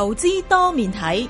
投資多面睇，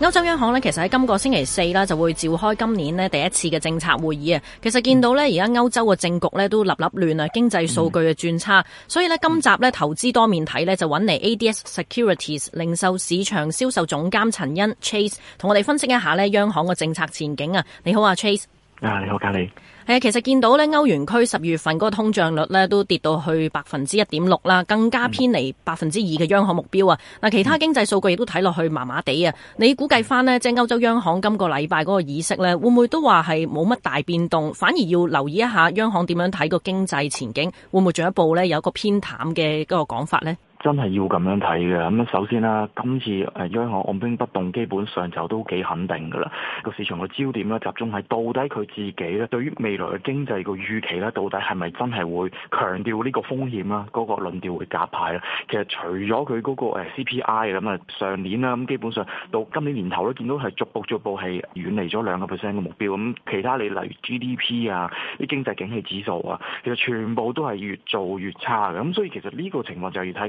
歐洲央行咧，其實喺今個星期四啦，就會召開今年咧第一次嘅政策會議啊。其實見到咧，而家歐洲嘅政局咧都立立亂啊，經濟數據嘅轉差，所以咧今集咧投資多面睇咧就揾嚟 ADS Securities 零售市場銷售總監陳欣 Chase 同我哋分析一下咧央行嘅政策前景啊。你好啊，Chase。啊，你好，嘉里。誒，其實見到咧，歐元區十月份嗰個通脹率咧都跌到去百分之一點六啦，更加偏離百分之二嘅央行目標啊！嗱，其他經濟數據亦都睇落去麻麻地啊！你估計翻呢，即係歐洲央行今個禮拜嗰個議息咧，會唔會都話係冇乜大變動？反而要留意一下央行點樣睇個經濟前景，會唔會進一步咧有一個偏淡嘅嗰個講法呢？真係要咁樣睇嘅，咁首先啦，今次誒央行按兵不動，基本上就都幾肯定㗎啦。個市場嘅焦點啦集中喺到底佢自己咧，對於未來嘅經濟個預期咧，到底係咪真係會強調呢個風險啦，嗰、那個論調會夾派啦，其實除咗佢嗰個 CPI 咁啊，上年啦咁基本上到今年年頭咧，見到係逐步逐步係遠離咗兩個 percent 嘅目標咁，其他你例如 GDP 啊，啲經濟景氣指數啊，其實全部都係越做越差嘅，咁所以其實呢個情況就要睇。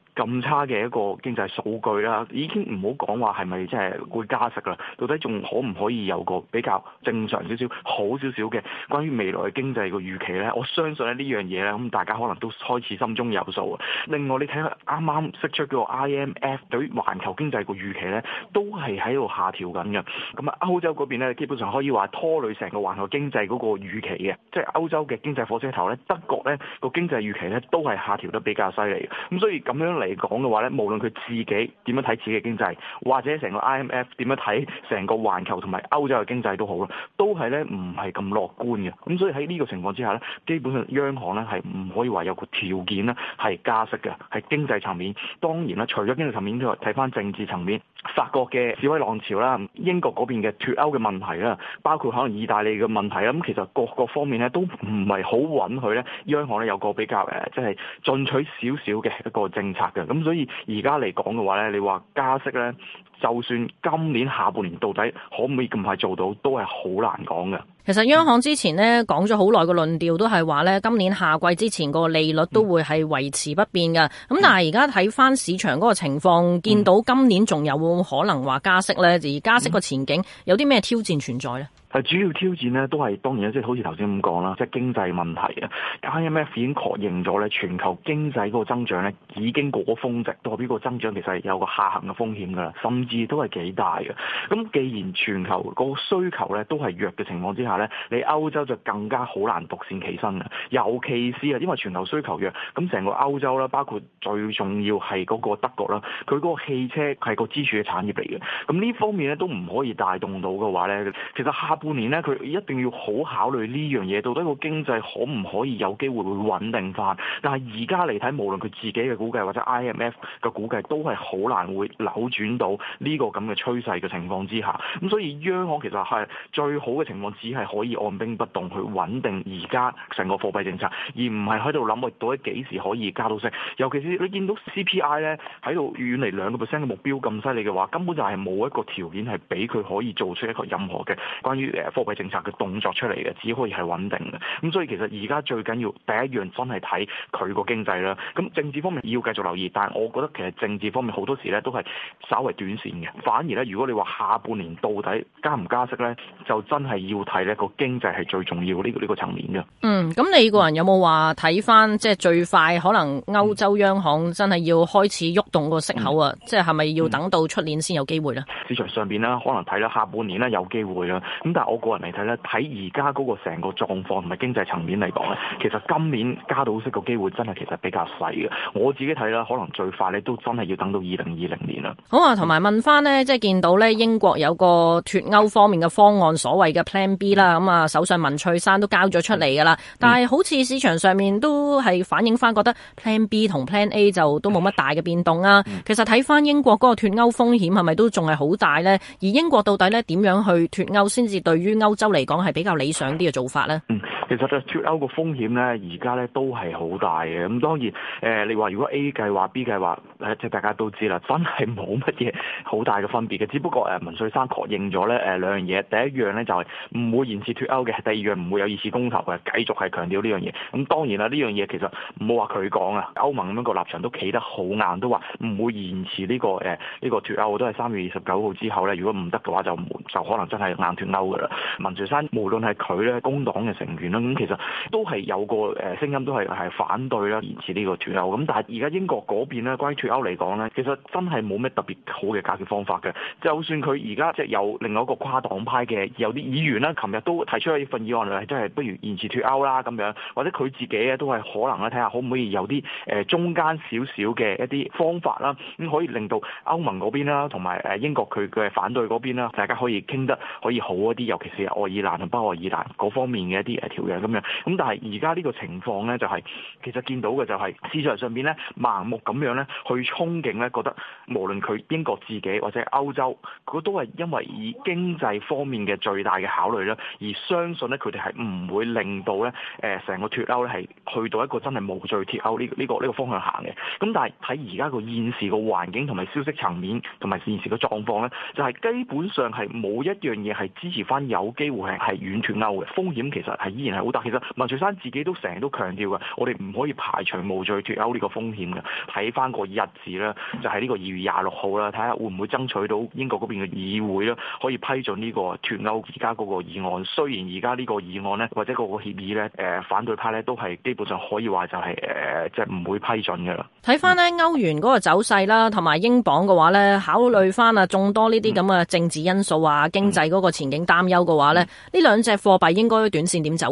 咁差嘅一個經濟數據啦，已經唔好講話係咪即係會加息啦，到底仲可唔可以有個比較正常少少、好少少嘅關於未來嘅經濟嘅預期呢？我相信呢樣嘢呢，咁大家可能都開始心中有數。另外你睇下啱啱釋出個 IMF 對於環球經濟個預期呢，都係喺度下調緊嘅。咁啊，歐洲嗰邊呢，基本上可以話拖累成個環球經濟嗰個預期嘅，即係歐洲嘅經濟火車頭呢，德國呢個經濟預期呢，都係下調得比較犀利嘅。咁所以咁樣嚟講嘅話咧，無論佢自己點樣睇自己嘅經濟，或者成個 IMF 點樣睇成個環球同埋歐洲嘅經濟都好啦，都係咧唔係咁樂觀嘅。咁所以喺呢個情況之下咧，基本上央行咧係唔可以話有個條件啦，係加息嘅。係經濟層面，當然啦，除咗經濟層面之外，睇翻政治層面，法國嘅示威浪潮啦，英國嗰邊嘅脱歐嘅問題啦，包括可能意大利嘅問題啦，咁其實各個方面咧都唔係好允許咧，央行咧有個比較誒，即係進取少少嘅一個政策。咁所以而家嚟講嘅話咧，你話加息咧，就算今年下半年到底可唔可以咁快做到，都係好難講嘅。其實央行之前咧講咗好耐個論調都，都係話咧今年夏季之前個利率都會係維持不變㗎。咁、嗯、但係而家睇翻市場嗰個情況，嗯、見到今年仲有可能話加息咧，而加息個前景、嗯、有啲咩挑戰存在咧？係主要挑戰咧，都係當然即係、就是、好似頭先咁講啦，即係經濟問題啊。IMF 已經確認咗咧，全球經濟嗰個增長咧已經過咗峰值，代表個增長其實係有個下行嘅風險噶啦，甚至都係幾大嘅。咁既然全球個需求咧都係弱嘅情況之下，你歐洲就更加好難獨善其身嘅，尤其是啊，因為全球需求弱，咁成個歐洲啦，包括最重要係嗰個德國啦，佢嗰個汽車係個支柱嘅產業嚟嘅，咁呢方面咧都唔可以帶動到嘅話咧，其實下半年咧佢一定要好考慮呢樣嘢，到底個經濟可唔可以有機會會穩定翻？但係而家嚟睇，無論佢自己嘅估計或者 IMF 嘅估計，都係好難會扭轉到呢個咁嘅趨勢嘅情況之下，咁所以央行其實係最好嘅情況只係，係可以按兵不動去穩定而家成個貨幣政策，而唔係喺度諗我到底幾時可以加到息。尤其是你見到 CPI 呢喺度遠離兩個 percent 嘅目標咁犀利嘅話，根本就係冇一個條件係俾佢可以做出一個任何嘅關於誒貨幣政策嘅動作出嚟嘅，只可以係穩定嘅。咁所以其實而家最緊要第一樣真係睇佢個經濟啦。咁政治方面要繼續留意，但係我覺得其實政治方面好多時咧都係稍為短線嘅。反而咧，如果你話下半年到底加唔加息咧，就真係要睇。一個經濟係最重要呢、呢個呢、呢個層面噶。嗯，咁你個人有冇話睇翻，即係最快可能歐洲央行真係要開始喐動個息口啊？嗯、即係係咪要等到出年先有機會咧、啊？市場上邊呢，可能睇咧下半年呢，有機會啦。咁但係我個人嚟睇呢，睇而家嗰個成個狀況同埋經濟層面嚟講呢，其實今年加到息個機會真係其實比較細嘅。我自己睇啦，可能最快呢都真係要等到二零二零年啦。好啊，同埋問翻呢，嗯、即係見到呢，英國有個脫歐方面嘅方案，所謂嘅 Plan B 啊，咁啊，首相文翠珊都交咗出嚟噶啦，但係好似市場上面都係反映翻，覺得 Plan B 同 Plan A 就都冇乜大嘅變動啊。其實睇翻英國嗰個脱歐風險係咪都仲係好大呢？而英國到底咧點樣去脱歐先至對於歐洲嚟講係比較理想啲嘅做法呢？其實嘅脱歐個風險咧，而家咧都係好大嘅。咁當然，誒、呃、你話如果 A 計劃、B 計劃，誒即係大家都知啦，真係冇乜嘢好大嘅分別嘅。只不過誒，文、呃、翠珊確認咗咧，誒兩樣嘢。第一樣咧就係、是、唔會延遲脱歐嘅，第二樣唔會有二次公投嘅，繼續係強調呢樣嘢。咁、嗯、當然啦，呢樣嘢其實唔好話佢講啊，歐盟咁樣個立場都企得好硬，都話唔會延遲呢、這個誒呢、呃這個脱歐，都係三月二十九號之後咧。如果唔得嘅話就，就就可能真係硬脱歐噶啦。文翠珊無論係佢咧，工黨嘅成員啦。咁、嗯、其實都係有個誒聲音，都係係反對啦，延遲呢個脱歐。咁但係而家英國嗰邊咧，關於脱歐嚟講咧，其實真係冇咩特別好嘅解決方法嘅。就算佢而家即係有另外一個跨黨派嘅有啲議員啦，琴日都提出咗一份議案嚟，係、就係、不如延遲脱歐啦咁樣，或者佢自己咧都係可能咧睇下可唔可以有啲誒、呃、中間少少嘅一啲方法啦，咁、嗯、可以令到歐盟嗰邊啦，同埋誒英國佢嘅反對嗰邊啦，大家可以傾得可以好一啲，尤其是愛爾蘭同北愛爾蘭嗰方面嘅一啲誒條件。咁咁但係而家呢個情況呢，就係，就係其實見到嘅就係市場上面呢，盲目咁樣呢去憧憬呢，覺得無論佢英國自己或者歐洲，佢都係因為以經濟方面嘅最大嘅考慮呢，而相信呢，佢哋係唔會令到呢成個脱歐呢，係去到一個真係無罪脱歐呢呢個呢個方向行嘅。咁但係睇而家個現時個環境同埋消息層面同埋現時個狀況呢，就係、係、基本上係冇一樣嘢係支持翻有機會係係軟脱歐嘅風險，其實係依然係。好大，其實文翠珊自己都成日都強調嘅，我哋唔可以排除無序脱歐呢個風險嘅。睇翻個日子啦，就係、是、呢個二月廿六號啦，睇下會唔會爭取到英國嗰邊嘅議會啦，可以批准呢個脱歐而家嗰個議案。雖然而家呢個議案呢，或者嗰個協議咧、呃，反對派呢都係基本上可以話就係、是、誒，即係唔會批准嘅啦。睇翻呢、嗯、歐元嗰個走勢啦，同埋英鎊嘅話呢，考慮翻啊眾多呢啲咁嘅政治因素啊、嗯、經濟嗰個前景擔憂嘅話呢，呢兩隻貨幣應該短線點走？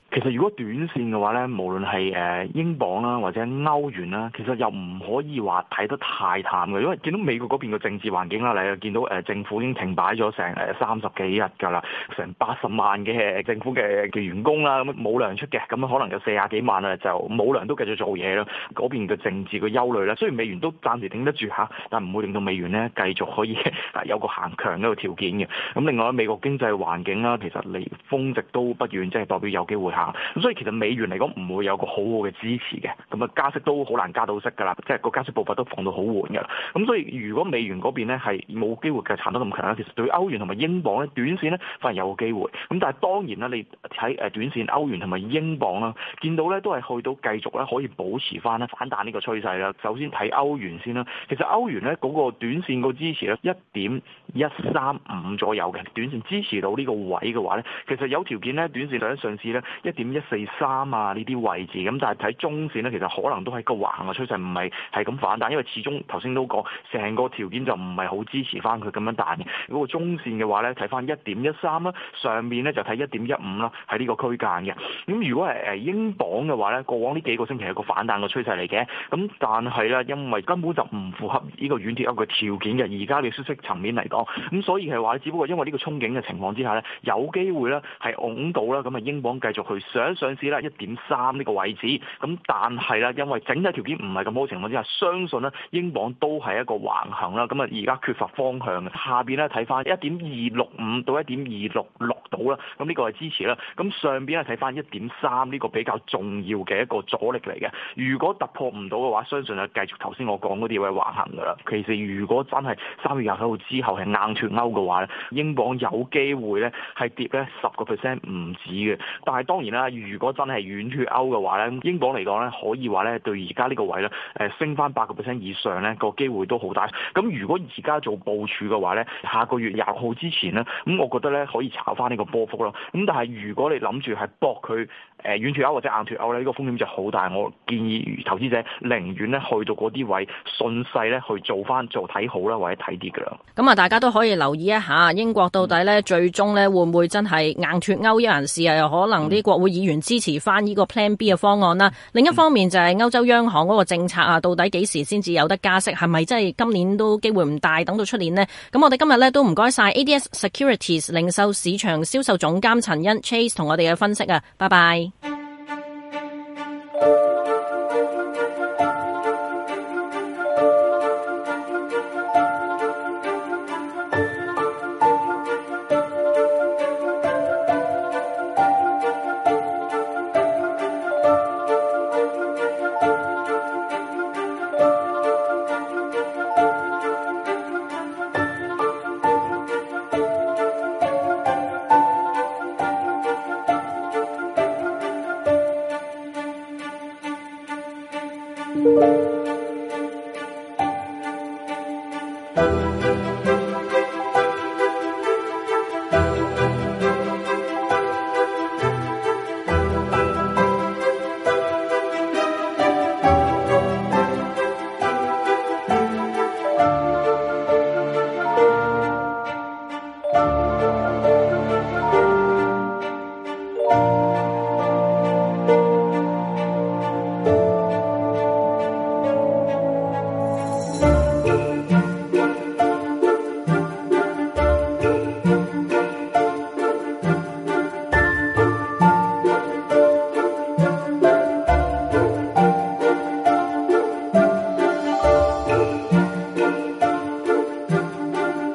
其實如果短線嘅話咧，無論係誒英鎊啦，或者歐元啦，其實又唔可以話睇得太淡嘅，因為見到美國嗰邊嘅政治環境啦，你又見到誒政府已經停擺咗成三十幾日㗎啦，成八十萬嘅政府嘅嘅員工啦，冇糧出嘅，咁可能有多就四廿幾萬啊，就冇糧都繼續做嘢咯。嗰邊嘅政治嘅憂慮啦，雖然美元都暫時頂得住下，但唔會令到美元咧繼續可以有一個行強嘅條件嘅。咁另外美國經濟環境啦，其實離峰值都不遠，即係代表有機會行。咁所以其實美元嚟講唔會有個好好嘅支持嘅，咁啊加息都好難加到息噶啦，即係個加息步伐都放到好緩噶啦。咁所以如果美元嗰邊咧係冇機會嘅撐得咁強啦，其實對歐元同埋英鎊咧，短線咧反而有個機會。咁但係當然啦，你睇短線歐元同埋英鎊啦，見到咧都係去到繼續咧可以保持翻咧反彈呢個趨勢啦。首先睇歐元先啦，其實歐元咧嗰個短線個支持咧一點一三五左右嘅，短線支持到呢個位嘅話咧，其實有條件咧短線上上次咧一點一四三啊，呢啲位置咁，但係睇中線呢，其實可能都係個橫嘅趨勢，唔係係咁反彈，因為始終頭先都講，成個條件就唔係好支持翻佢咁樣彈嘅。如果中線嘅話呢，睇翻一點一三啦，上面呢就睇一點一五啦，喺呢個區間嘅。咁如果係誒英鎊嘅話呢，過往呢幾個星期係個反彈嘅趨勢嚟嘅，咁但係呢，因為根本就唔符合呢個軟貼嘅條件嘅，而家嘅消息層面嚟講，咁所以係話，只不過因為呢個憧憬嘅情況之下呢，有機會呢係拱到啦，咁啊英鎊繼續去。想上市啦，一點三呢個位置，咁但係咧因為整體條件唔係咁好情況之下，相信咧英鎊都係一個橫行啦。咁啊而家缺乏方向，下邊咧睇翻一點二六五到一點二六六度啦，咁呢個係支持啦。咁上邊咧睇翻一點三呢個比較重要嘅一個阻力嚟嘅。如果突破唔到嘅話，相信就繼續頭先我講嗰啲位橫行噶啦。其實如果真係三月廿九號之後係硬脱歐嘅話咧，英鎊有機會咧係跌咧十個 percent 唔止嘅。但係當然。如果真係軟血歐嘅話咧，英鎊嚟講咧，可以話咧對而家呢個位咧，誒升翻八個 percent 以上咧，個機會都好大。咁如果而家做部署嘅話咧，下個月廿號之前咧，咁我覺得咧可以炒翻呢個波幅咯。咁但係如果你諗住係搏佢。誒軟脫歐或者硬脫歐呢個風險就好大。我建議投資者寧願呢去到嗰啲位順勢呢去做翻做睇好啦，或者睇跌㗎啦。咁啊，嗯，大家都可以留意一下英國到底呢最終呢會唔會真係硬脫歐一人事啊？又可能啲國會議員支持翻呢個 Plan B 嘅方案啦。另一方面就係歐洲央行嗰個政策啊，到底幾時先至有得加息？係咪真係今年都機會唔大？等到出年呢，咁我哋今日呢都唔該晒。ADS Securities 零售市場銷售總監陳欣 Chase 同我哋嘅分析啊，拜拜。